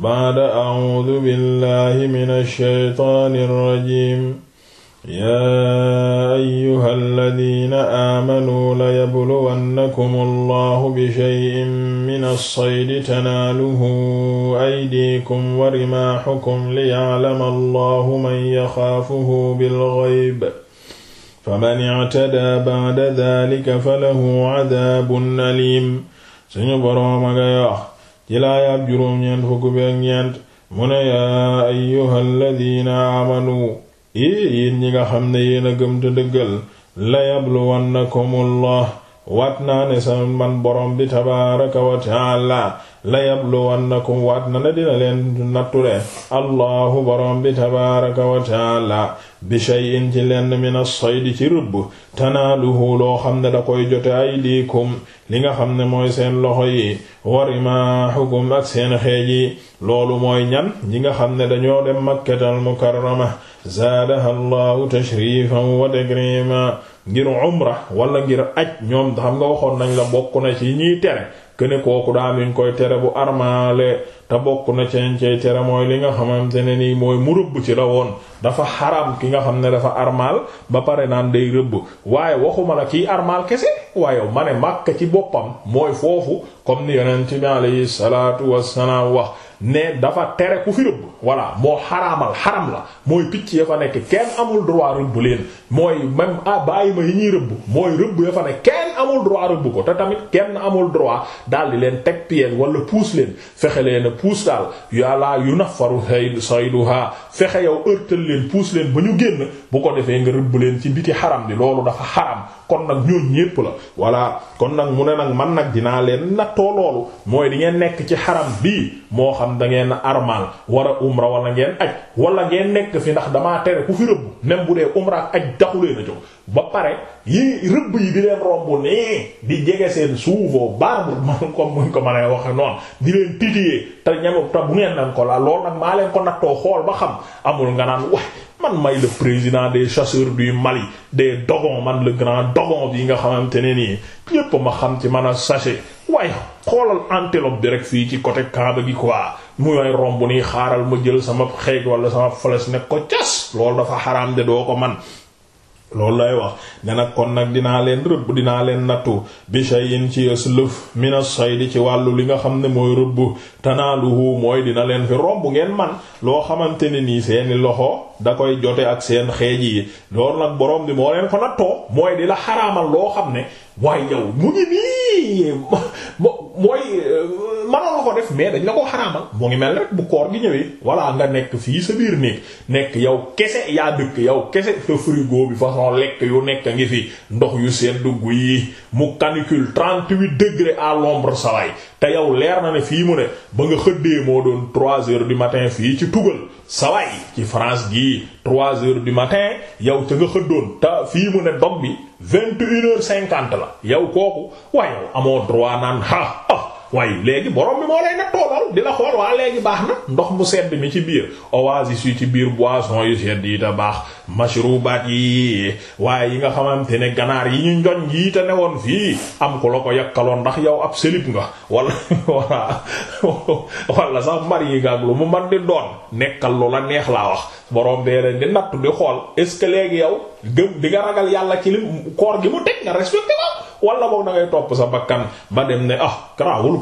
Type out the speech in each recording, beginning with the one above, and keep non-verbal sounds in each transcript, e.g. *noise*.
baada acuudu billahi min alshaytaani alrajim yaa ayuha alladina aamanuu layabluwannakum allahu bishayin min alsaydi tanaaluhu aydiikum wa rimaaxukum liyaclama allahu man yaxaafuhu bilgayb faman ictadaa bacda dalika falahu cadaabun aliim suñu borooma ngay wax ci laayaab juróom-ñeent fukk beek ñeent mu ne yaa ayyuhal ladina amanu i yéen ñi nga xam ne yéen a gëm te dëggal layabluwannakumullah waat naa ne sama man borom bi tabaaraka wa taala la yabluwannakum waat na ne dina leen natture allahu borom bi tabaaraka wa taala bi shay'in ci lenn min as-sayd ci rëbb tanaaluhu loo xam ne da koy jote aydiikum li nga xam ne mooy seen loxo yi wa rimaahukum ak seen xeej yi loolu mooy ñan ñi nga xam ne dañoo dem makkatal mukarrama zaadaha allahu tashrifan wa takrima ngir umra wala ngir aj ñoom xam nga waxoon nañ la bokk na ci ñiy tere kene kooku daa min koy tere bu armaale te bokk na ceen cey tere li nga xamante ne nii mooy mu rëbb ci la woon dafa xaram ki nga xam ne dafa armaal ba pare naan day rëbb waaye waxuma la kiy armaal kese waaye ma ne màkk ci boppam mooy foofu comme ni yonent bi alayhi salaatu wassalaam wax ne dafa tere ku fi rëbb voilà moo xaraamal xaram la mooy picc ya fa nekk kenn amul droit bu leen mooy même ah bàyyi ma yi ñuy rëbb mooy rëbb ya fa nekk kenn amul droit rëbb ko te tamit kenn amul droit daal di leen teg piège wala puus leen fexe leen a puus daal yàllaa yu nafaru saydu sayduha fexe yow ërtal leen puus leen ba ñu génn bu ko defee nga rëbb leen ci biti xaram bi loolu dafa xaram kon nag ñooñ ñépp la voilà kon nag mu ne nag man nag dinaa leen nattoo loolu mooy di ngeen nekk ci xaram bii moo xam da ngeen armal war a umra wala ngeen aj wala ngeen nekk fi ndax damaa tere ku fi rëbb même bu dee umra ak aj mais di jege seen suufoo barbe *laughs* man comme muñ ko mën a waxe noonu di leen titiyee te ñamut te bu ngeen nan ko la lool nag maa leen ko nattoo xool ba xam amul nga naan wax man may le président des chasseurs du Mali des dogon man le grand dogon bi nga xamante ne nii ñépp ma xam ci man a sachet waaye xoolal antelope bi rek fii ci côté Kaaba gi quoi mu yooy romb nii xaaral ma jël sama xeej wala sama flèche ne ko cas loolu dafa xaraam de doo ko man loolu lay wax ne nag kon nag dinaa leen rëbb dinaa leen nattu bi shay'in ci aslëf min as-sayd ci wàllu li nga xam ne mooy rëbb tanaaluhu mooy dina leen fi romb ngeen man loo xamante ne nii seeni loxo da koy jote ak seen xeej yi loolu nag boroom bi moo leen ko nattoo mooy di la xaraamal loo xam ne waaye yow mu ngi nii mooy euh, mënoon la ko def mais dañ la ko xaraamal mu ngi mel rek bu koor gi ñëwee voilà nga nekk fii sa biir néeg nekk yow kese yaa dëkk yow kese sa frigo bi façon lekk yu nekk ngi fi ndox yu seen dugg yi mu canicule 38 degrés à l'ombre saway te yow leer na ne fii mu ne ba nga xëddee moo doon trois heures du matin fii ci tugal sawaay ci France gi trois heures du matin yow ca nga xëddoon te fii mu ne dog bi vingt et une la yow kooku waaye yow amoo droit naan ha waaye léegi borom bi moo lay nag toolool di la xool waa léegi baax na ndox mu sedd mi ci biir oasis yi ci biir boisson yu sedd yi ta baax mashrubaat yi waaye yi nga xamante ne ganaar yi ñu njoñ yi te newoon fii am ku la ko yakkaloon ndax yow ak selib nga wala *laughs* wala wala sax mari nga ak lu mu man di doon nekkal lu la neex laa wax borom bee leen di natt di xool est-ce que léegi yow gëm di nga ragal yàlla ci li koor gi mu teg nga respecté ba wala boog da sa bakkan ba dem ne ah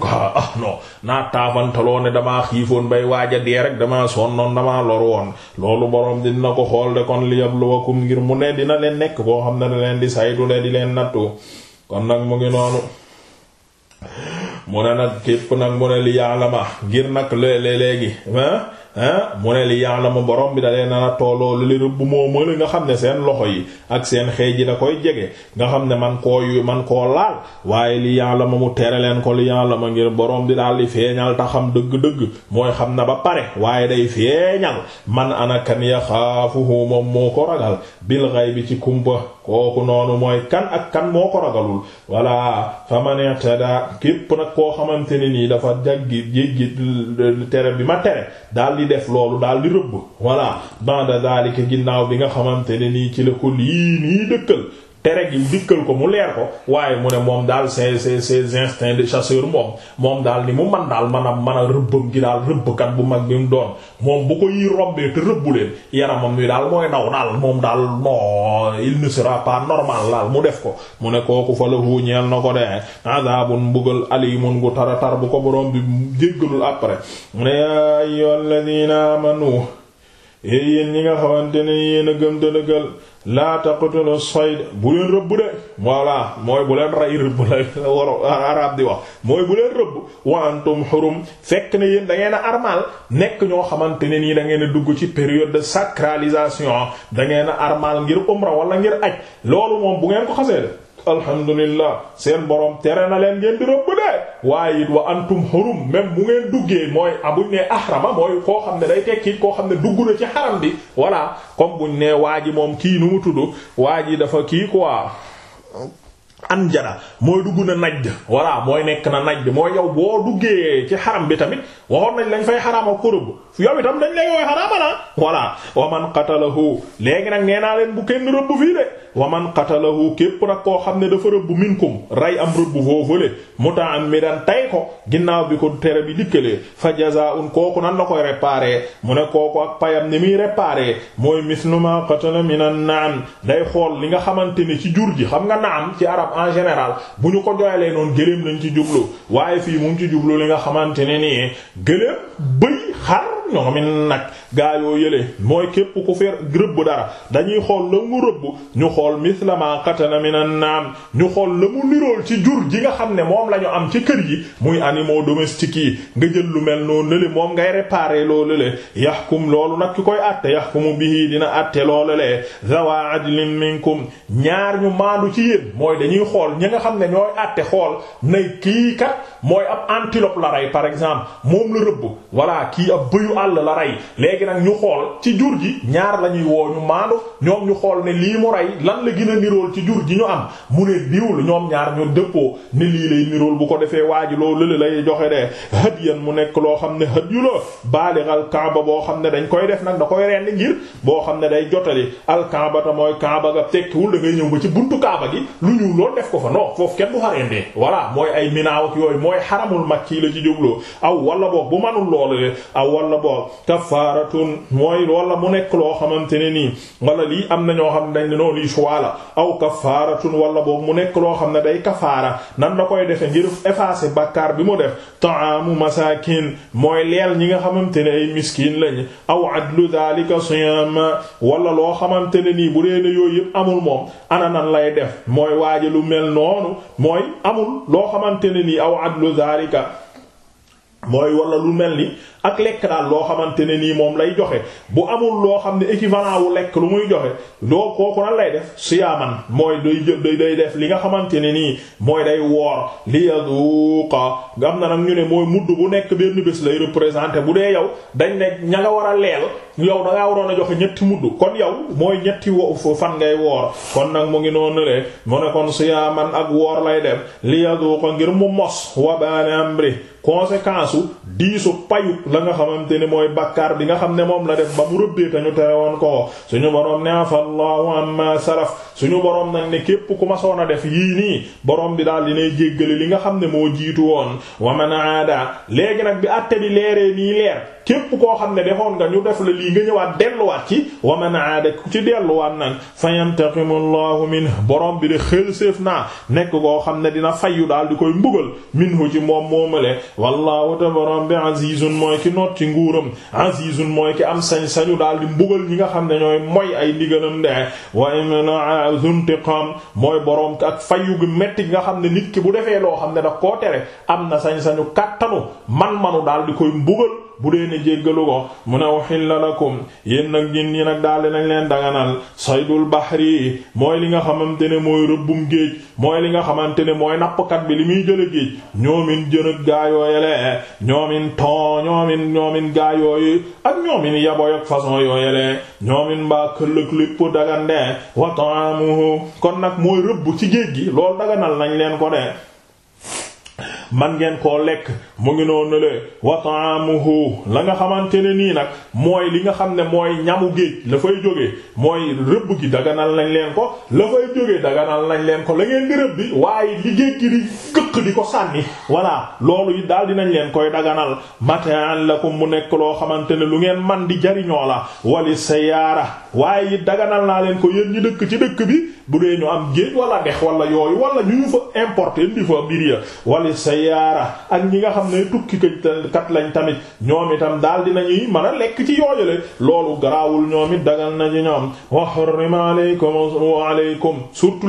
kaa ah, ah non naa taafantaloo ne damaa xiifoon bay waaj a dee rek damaa sonnoon damaa lor woon loolu borom dina ko xool de kon liyabluwakum ngir mu ne dina leen nekk koo xam ne da leen di saytu de di leen nattu kon nag mu ngi noonu mu ne nag képp nag mu ne li ngir nag léeg-léegi mu ne li ma borom bi da leen na tolloo lu leen bu moo mala nga xam ne seen loxo yi ak seen xeej yi da koy jege nga xam ne man koo yu man koo laal waaye li ma mu tere leen ko li ma ngir borom bi daal di feeñal ta xam dëgg-dëgg mooy xam na ba pare waaye day feeñal man ana kan yaxaafuhu moom moo ko ragal bil ghaybi ci kumpa kooku noonu mooy kan ak kan moo ko ragalul walla fa man i'tada képp nag koo xamante ne nii dafa jaggi jéggi tere bi ma tere di def loolu daal di rëbb voilà banda daalika ginnaaw bi nga xamante ne nii ci la ko lii nii dëkkal tere gi dikkal ko mu leer ko waaye mu ne moom daal ses ses ses instincts de chasseur moom moom daal ni mu man daal man a man a rëbbam gi daal rëbbkat bu mag bi mu doon moom bu ko yi rombee te rëbbu leen yaramam wi daal mooy naw daal moom daal non il ne sera pas normal daal mu def ko mu ne kooku fa la huuñeel na ko de adabun mbugal alimun gu tara tar bu ko borom bi jéggalul après mu ne ya ayyuhalladhina amanu éy yéen ñi nga xamante ne yéen a gëm te dëggal laa taqtulu sayd bu leen rëbb de voilà mooy bu leen rey rëbb la woro arab di wax mooy bu leen rëbb wa antum xurum fekk ne yéen da ngeen a armal nekk ñoo xamante ne nii da ngeen a dugg ci période de sacralisation da ngeen a armal ngir umra wala ngir aj loolu moom bu ngeen ko xasee de alhamdulillah seen borom tere na leen ngeen di rëbb de waaye it wa antum xurum même bu ngeen duggee mooy ah, buñ ne ahrama mooy koo xam ne day tekki koo xam ne dugg na ci xaram bi voilà comme buñ ne waa ji moom kii nu mu tudd waa ji dafa kii quoi anjana mooy dugg na najd voilà mooy nekk na najd mooy yow boo duggee ci xaram bi tamit waxoon nañ lañ fay xaraamal ko rëbb yow itam dañ lay wooy xaraamal voilà wa man qatalahu léegi nag nee naa leen bu kenn rëbb fii de wa man qatalahu képp nag koo xam ne dafa rëbb minkum rey am rëbb mi muta'ammidan tay ko ginnaaw bi ko tere bi dikkalee fa jazaa'un kooku nan la koy réparer mu ne kooku ak payam ni muy réparer mooy mislu ma qatala minan na'am day li nga xamante ne ci jur ji xam nga na'am ci en général bu ñu ko jooyalee noonu gëléem lañ ci jublu waaye fii mu ngi ci jublu li nga xamante ne nii gëléem bëy xar ñoomin nag gaa yoo yële mooy képp ku feer rëbb dara dañuy xool la mu rëbb ñu xool misla ma qatala minan naam ñu xool la mu nirool ci jur ji nga xam ne moom la ñu am ci kër yi muy animaux domestiques yi nga jël lu mel noonu lële moom ngay réparer loolu le yahkum loolu nag ki koy àtte yahkumu bihi dina àtte loolu le zawa adlin minkum ñaar ñu maandu ci yéen mooy dañuy xool ñi nga xam ne ñooy àtte xool nay kii kat mooy ab antilope la rey par exemple moom la rëbb àll la rey léegi nag ñu xool ci jur ji ñaar la ñuy woo ñu maandu ñoom ñu xool ne lii mu rey lan la gën a ci jur ji ñu am mu ne ñoom ñaar dëppoo ne lii bu ko defee waa ji loolu la lay joxe de hadiyan mu nekk loo xam ne hadiyu la baalig al kaaba boo xam ne dañ koy def nag da koy rendi ngir boo xam ne day jotali al kaaba mooy kaaba ga tekkiwul da ngay ñëw ba ci buntu kaaba gi lu ñu lool def ko fa non foofu kenn du fa rendee mooy ay minaaw ak yooyu mooy xaramul makki la ci jógloo aw walla boog bu manul loolu de aw walla boog lool kafaaratun mooy wala mu nekk loo xamante ne nii wala lii am na ñoo xam ne dañ ne noonu lii choix la aw kafaaratun wala boobu mu nekk loo xam ne day kafaara nan la koy defee ngir effacer bakkaar bi mu def ta'amu masakin mooy leel ñi nga xamante ne ay miskin lañ aw adlu dhalika siyam wala loo xamante ne nii bu dee ne yooyu yëpp amul moom ana nan lay def mooy waaja lu mel noonu mooy amul loo xamante ne nii aw adlu dhalika mooy wala lu mel ni ak lekk daal loo xamante ne nii moom lay joxe bu amul loo xam ne équivalent wu lekk lu muy joxe doo kooku lan lay def siyaaman mooy day jël day def li nga xamante ne nii mooy day woor li yazuqa nga am na nag ñu ne mooy mudd bu nekk benn bés lay représenté bu dee yow dañ ne ña nga war a leel yow da ngaa waroon a joxe ñetti mudd kon yow mooy ñetti wo fan ngay woor kon nag mu ngi noonu le mu ne kon siyaaman ak woor lay def li yazuqa ngir mu mos wa bana amri conséquence u diisu payu la nga xamante ne mooy bàkkaar bi nga xam ne moom la def ba mu rëbbee tañu tere woon ko suñu boroom ne afallahu amma salaf suñu boroom nag ne képp ku ma soon a def yii nii boroom bi daal dinay jéggale li nga xam ne moo jiitu woon wa man aada léegi nag bi àtte bi leeree nii leer képp koo xam ne defoon nga ñu def la lii nga ñëwaat delluwaat ci wa man aada ku ci delluwaat nag fa yantaqimu llahu min borom bi de xel séef naa nekk koo xam ne dina fayyu daal di koy mbugal minhu ci moom moomale wallahu te borom bi azizun mooy ki not ci nguuram azizun mooy ki am sañ-sañu daal di mbugal ñi nga xam ne ñooy moy ay ndigalam de wa imna zuntiqam mooy borom ak fayyu gi metti nga xam ne nit ki bu defee loo xam ne daf koo tere am na sañ-sañu kattanu man-manu daal di koy mbugal bu dee ne jéggalu ko mu ne la lakum yéen nag ñin ñi nag daal nañ leen danganal saydul bahri mooy li nga xamante ne mooy rëbbum géej mooy li nga xamante ne mooy nappkat bi li muy jële géej ñoomin jën ak gaayooyele ñoomin ton ñoomin ñoomin yooy ak ñoomin yaboy ak façon yooyele ñoomin mbaa këllëg lépp dagande wa ta'amuhu kon nag mooy rëbb ci géej gi loolu daganal nañ leen ko de man ngeen koo lekk mu ngi noonu le wa ta'amuhu la nga xamante ne nii nag mooy li nga xam ne mooy ñamu géej la fay jógee mooy rëbb gi daganal nañ leen ko la fay jógee daganal nañ leen ko la ngeen di rëbb bi waaye li géej gi di këq di ko sànni voilà loolu yi daal dinañ leen koy daganal la ko mu nekk loo xamante ne lu ngeen man di jariñoo la wali sayaara waaye it daganal naa leen ko yéen ñi dëkk ci dëkk bi bu dee ñu am géej wala dex wala yooyu wala ñu ñu fa importer indi fa mbir ya wala sayaara ak ñi nga xam ne tukki kat lañ tamit ñoom itam daal ñuy man a lekk ci yooyale loolu garaawul ñoom it dagal na ci ñoom wa harrima alaykum wa alaykum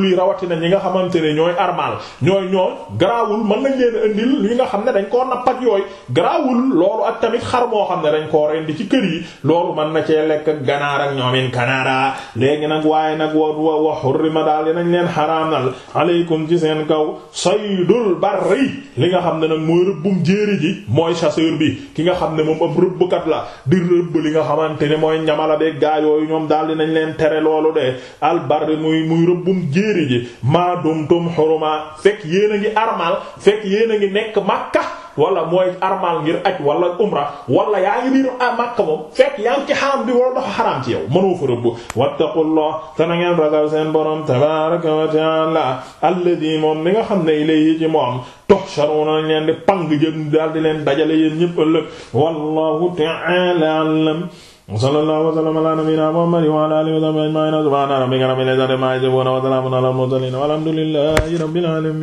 lii li rawatina ñi nga xamante ne ñooy armal ñooy ñoom garaawul mën nañ leen indil li nga xam ne dañ koo napp ak yooyu garaawul loolu ak tamit xar moo xam ne dañ koo rendi ci kër yi loolu mën na cee lekk ganaar ak ñoom in kanaara léegi nag ma daal dinañ leen xaraamal aleykum ci seen kaw saydul barri li nga xam ne nag mooy rëbbum jéeri ji mooy chasseur bi ki nga xam ne moom ab rëbbkat la di rëbb li nga xamante ne mooy ñamala de gaa yooyu ñoom daal dinañ leen tere loolu de al barri muy muy rëbbum jéeri ji maa dumtum xuruma fekk yéen a ngi armal fekk yéen a ngi nekk makka wala mooy armal ngir aj wala umra wala yaa ngi biir Makka moom fekk yaa ngi ci xaram bi wala dafa xaram ci yow mënoo fa rëbb wattaqullah te na ngeen ragal seen borom tabaaraka wa ta'aala alladhi moom li nga xam ne ilayhi ci moom tuhsharuna lañ leen di pang jëm daal di leen dajale yéen ñëpp ëllëg wallahu ta'aala a'lam sallallahu wa sallam ala nabiyyina muhammad wa ala alihi wa sahbihi ajma'in subhana rabbika rabbil izzati amma yasifun wa salamun ala al